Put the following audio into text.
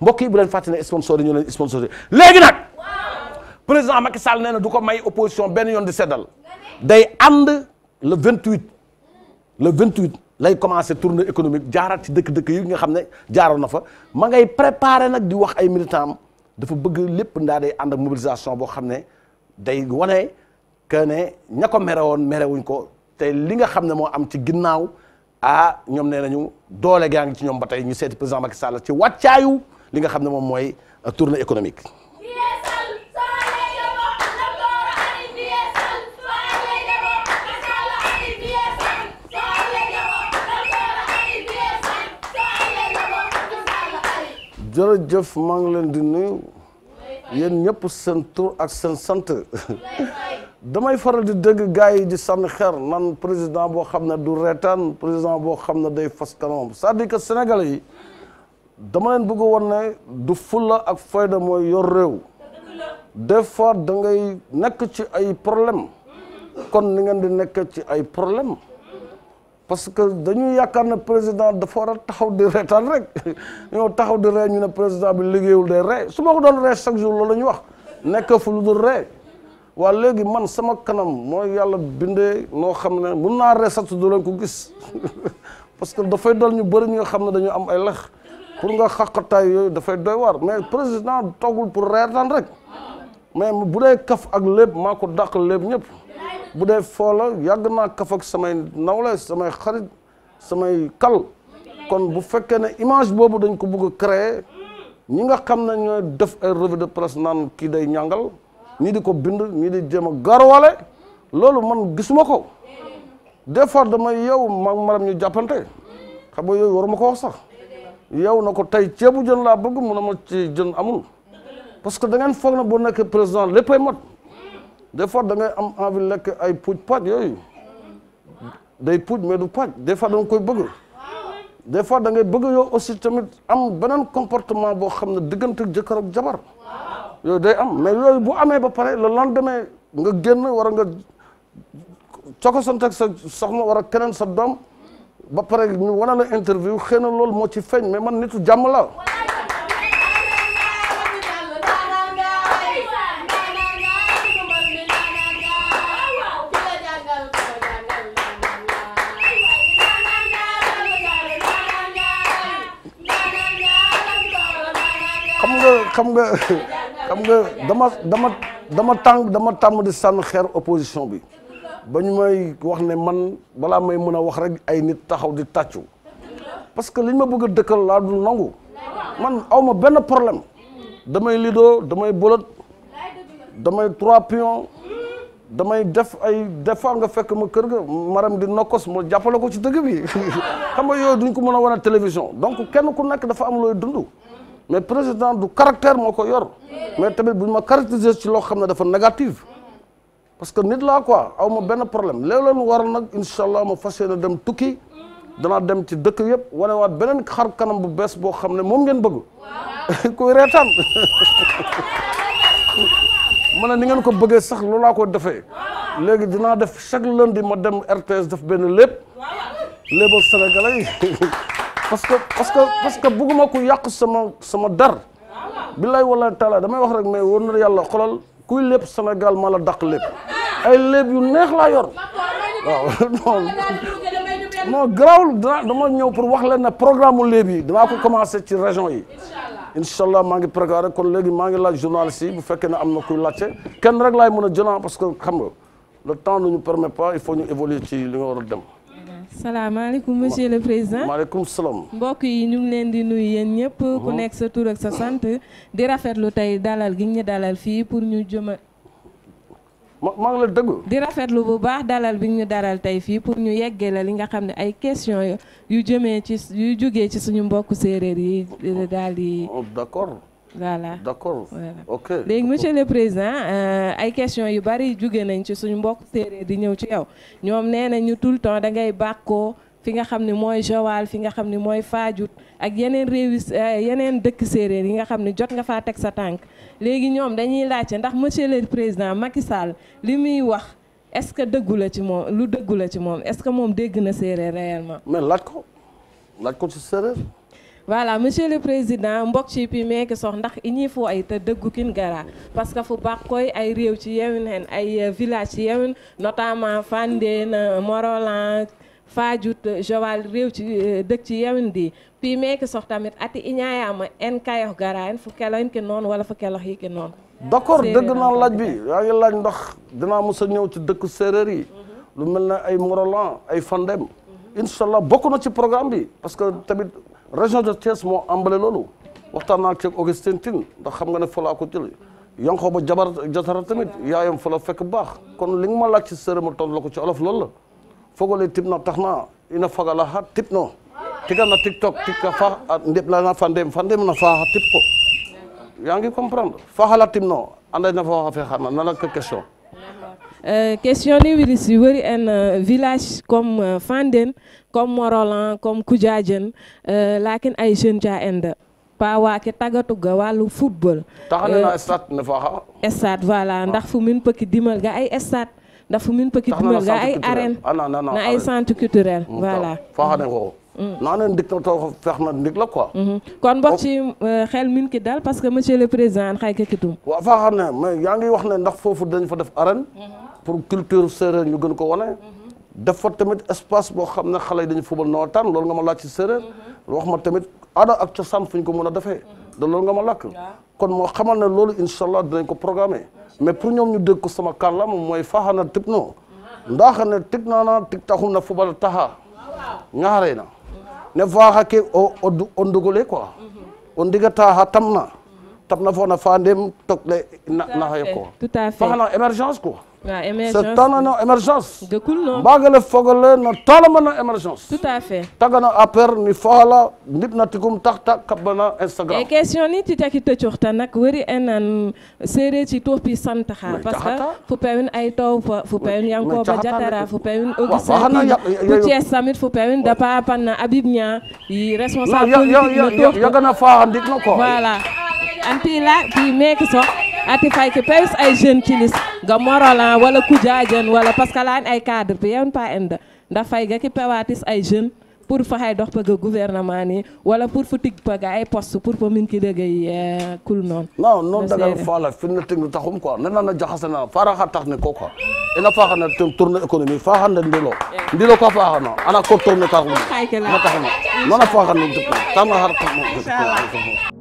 mbokk yi bu leen fàttali ne sponsor yi ñu leen sponsorisé léegi nag président Macky Sall nee na du ko may opposition benn yoon di seddal day ànd le 28 le 28 lay commencé tournée économique jaaraat ci dëkk-dëkk yi nga xam ne jaaroon na fa ma ngay préparé nag di wax ay militant am dafa bëgg lépp ndaa day ànd ak mobilisation boo xam ne day wane que ne ña ko mere woon mere ko te li nga xam ne moo am ci ginnaaw ah ñoom nee ñu doole gaa ngi ci ñoom ba tey ñu seeti président Macky Sall ci wàccaayu. li nga xam ne moom mooy euh, tournée économique. jërëjëf maa ngi leen di nuyu yéen ñëpp seen tur ak seen sant damay faral di dégg gars yi di sànni xeer nan président boo xam ne du reetaan président boo xam ne day fas kanamam c'est-à-dire yi. dama leen bëgg woon ne du fulla ak fayda mooy yor réew des fois da ngay nekk ci ay problème kon ni ngeen di nekk ci ay problème parce que dañuy yaakaar ne président dafa war a taxaw di reetaan rek ñoo taxaw di ree ñu ne président bi liggéeyul de ree su ma ko doon ree chaque jour loolu la ñu wax nekk fu lu dul ree waa léegi man sama kanam mooy yàlla bindee noo xam ne mu naa ree sax du leen ko gis parce que dafay dal ñu bëri ñi nga xam ne dañu am ay lex pour nga xaqataay yooyu dafay doy waar mais président toggul pour reetaan rek mais bu dee kaf ak lépp maa ko dàq lépp ñëpp bu dee foola yàgg naa kaf ak samay nawle samay xarit samay kal kon bu fekkee ne image boobu dañ ko bugg a créer ñi nga xam ne ñooy def ay revue de presse naan kii day ñàngal ñii di ko bind ñii di jéem a garwale loolu man gisuma ko des fois damay yow maag maram ñu jàppante xam nga yooyu waruma ko wax sax yow na ko tey ceebu jën laa bëgg mu ne ma ci jën amul parce que da ngeen foog na boo nekkee président léppay mot des fois da ngay am envie lekk ay puuj paaj yooyu day puuj mais du paaj des fois da nga koy bëgg des fois da ngay bëgg yow aussi tamit am beneen comportement boo xam ne diggante jëkkër ak jabar yooyu day am mais yooyu bu amee ba pare le lendemain nga génn war a nga cokosante ak sa soxna war a keneen sa doom ba pare ñu wana la interview xëy na loolu moo ci feeñ mais man nitu jàmm la xam nga xam nga xam nga dama dama dama tàng dama tàmm di sànn xeer opposition bi ba ñu may wax ne man balaa may mën a wax rek ay nit taxaw di tàccu parce que li ma bëgg a dëkkal laa dul nangu man awma benn problème damay lido damay bolot damay trois pions damay def ay des fois nga fekk ma kër ga maram di nokkos ma jàppale ko ci dëgg bi xam nga yooyu duñ ko mën a wan a télévision donc kenn ku nekk dafa am looy dund mais président du caractère moo ko yor mais tamit bu ma caractériser ci loo xam ne dafa négative parce que nit laa ko aw ma benn problème léeg-léeg lu waral nag incha allah ma fas yéene dem tukki danaa dem ci dëkk yëpp wanewaat beneen xar kanam bu bees boo xam ne moom ngeen bëgg kuy reetaan ma ne ni ngeen ko bëggee sax loolu laa ko defee léegi dinaa def chaque lundi ma dem RTS def benn lépp léebal sénégalais yi parce que parce que parce que bugguma ku yàq sama sama dar billaay wala taala damay wax rek mais wóor na yàlla xolal kuy lépp Sénégal ma la dàq lépp ay lépp yu neex laa yor waaw non non garaawul dana dama ñëw pour wax leen ne programme mu léeb yi danaa ko commencé ci région yi incha allah maa ngi préparé kon léegi maa ngi laaj journaliste yi bu fekkee ne am na kuy laajte kenn rek laay mën a jëlaat parce que xam nga le temps ne nous permet pas ñu évoluer ci li nga war a dem salaamaaleykum monsieur le président maaleykum salaam. mbokk yi ñu ngi leen di nuyu yéen ñëpp. Mhm. ku nekk sa tur ak sa sant. di rafetlu tey dalal gi ñu dalal fii pour ñu jëma. ma la dégg. di rafetlu bu baax dalal bi ñu dalal tey fii pour ñu yeggee la li nga xam ne ay question yu jëmee ci yu jógee ci suñu mbokk séeréer yi daal di. Oh, d'accord. voilà d'accord voilà. léegi monsieur le président euh, ay question yu bari jóge nañ ci suñu mbokk séeréer di ñëw ci yow ñoom nee nañu tout le temps da ngay bàkkoo fi nga xam ne mooy Joal fi nga xam ni mooy Fadiouth ak yeneen réew euh, yeneen dëkk séeréer yi nga xam ne jot nga faa teg sa tànk léegi ñoom dañuy laajte ndax monsieur le président Macky Sall li muy wax est-ce que dëggu la ci moom lu dëggu la ci moom est-ce que moom dégg na séeréer réellement mais laaj ko laaj ko ci voilà monsieur le président mbokk ci pi meeke sox ndax iñi fo ay ta dëggukin gara parce que fu bakkoy ay réew ci yewen hen ay village ci yewen notamment Fandène Morolan Fadiouth Joal réew ci euh, dëkk ci yewen di pi meeke sox tamit ati iñaayama en kayox gara en fu keloyn ke noon wala fu kelox yi ke noon d'accord dëgg naa laaj bi yaa ngi laaj ndax dinaa mos a ñëw ci dëkk séeréer yi mhm. lu mel ne ay Morolan ay Fandène mhm. incha allah na ci programme bi parce que région de Thiès moo emballé loolu waxtaan naa ceeg Augustin Tine ndax xam nga ne fa laa ko jël yanqoo ba jabar jatara tamit yaayam fa la fekk baax kon li nga ma laaj ci séeréer ma tontu la ko ci olof loolu la foogale tib na tax na ina fagala ha tib noo a na tiktok tikka fa ndeb la na fa ndem fa ndem na faaxa tib ko yaa ngi comprendre faxala tim noo anday na fa waxa fe xarna na la ko question Euh, questionni virus yu bëri en euh, village comme euh, Fandène comme Morolan comme Koudiadiene lakin ay jeune ca enda pa waake tagatu ga wàllu football taxana stade na fa stade voilà ah. ndax fu min pëkki dimal ga ay stade ndax fu min pëkki dimal ga ah, ay arène na ay centre culturel mm, voilà maanaam mm. ndik na taw fex na ndik la ko mm-hmm. kon bokk ci euh, xel min ki parce que monsieur le président an ka kitum waaw faa xam ne ne ndax foofu dañ fa def arène mm-hmm. pour culture séeréer ñu gën ko wane mm-hmm. dafa tamit espace boo xam ne xale yi dañu fubal nawetaan loolu nga ma laaj ci séeréer wax ma tamit aada ak cosaan fu ñu ko mën a defee da lool nga ma lakk kon moo xamal ne loolu incha allah dinañ ko programmer mais pour ñoom ñu dégg ko sama kàllaama mooy faaxana tib no ndax ne tig naa na tig taxum na fubal taxa ñaaree na ne faxa ke o, o, o ndugole quoi mm-hmm. o ndiga taxa tap na fof na fandem tokle naxa yo quoi maxana émergence quoi ce tanano émergence mbagele fogole no talamano émergence tout à fait tagano appaire ni faala ndipna tigum taxta kabbana instagram question ni titaki tocoxta nak wari enan sereer ci toxpi santaxa parce que fo pawin ay taw fo pawin yankoba jatara fo pawin augustin fo thies samit fo pawin dapa panna abib nia responsable politique no voilà antila fi meki so ati fayke pews ay jeune kilis ga morolan walla kujajen walla par ce que lani ay cadre to yewn pa en da nda fayga ki pewatis ay jeune pour fa hay dox paga gouvernement ni wala pour fo tig paga ay poste pour fo min ki degay eh, kul noon non noon dagal fala finna tigni taxum quoi nenana jaxasana fara xa tax ne ko quoi ena faxana ten tourne économie faxana ndilo ndilo ka faxana ana ko tourne ka xum ma taxana nona faxana tamna har